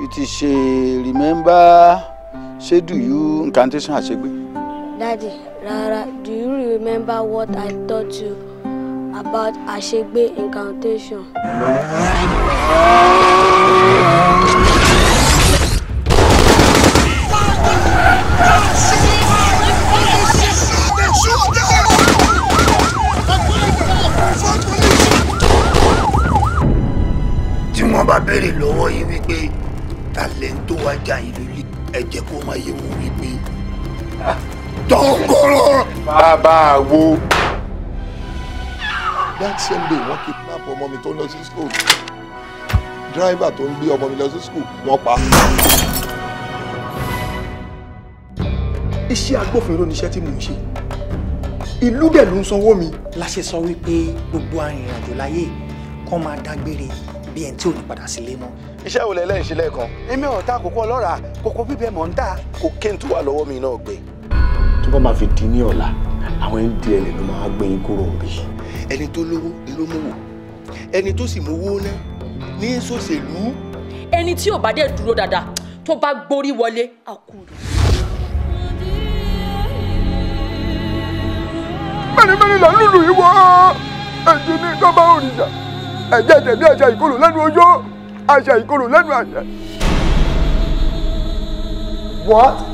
It is a remember say do you incantation àṣegbé. Daddy, Rara, do you remember what I taught you about àṣegbé incantation? tí wọ́n bá béèrè lọ́wọ́ yìí wípé talento ajá yìí lórí ẹ jẹ́ kó máa yẹ wọ́n wípé tọ́ngọ̀rọ̀. Ah, bàbá wo. that same day wọ́n kidnap ọmọ mi tó ń lọ sí school driver tó ń gbé ọmọ mi lọ sí school wọ́n pa. iṣẹ́ agbófinró ni iṣẹ́ tí mò ń ṣe ìlú dẹ̀ ló ń sanwó mi. la ṣe sọ wípé gbogbo arìnrìnàjò láyé kó máa dágbére dàbí ẹni tí ò ní padà sílé mọ́. iṣẹ́ wo lẹ́lẹ́ ìṣe lẹ́ẹ̀kan. èmi ò ta ọlọ́ra kòkó bíbẹ mọ̀ ń tà. kò kéń tó wà lọ́wọ́ mi náà gbé. tó bá fi di ní ọ̀la àwọn ndl ló máa gbé yín kúrò rí. ẹni tó lówó ló mówó ẹni tó sì mówó ná ní sòṣèlú. ẹni tí ò bá dẹ̀ dúró dáadáa tó bá gbórí wọlé àkúrò. mẹ́rin mẹ́rin làlúlù yìí wọ́ ẹ̀jẹ̀ ní tọ́ba òrìṣà ẹ̀jẹ̀ tẹ̀mí àṣà ìkorò lẹ́nu ọjọ́ àṣà ìkorò lẹ́nu àṣà. What?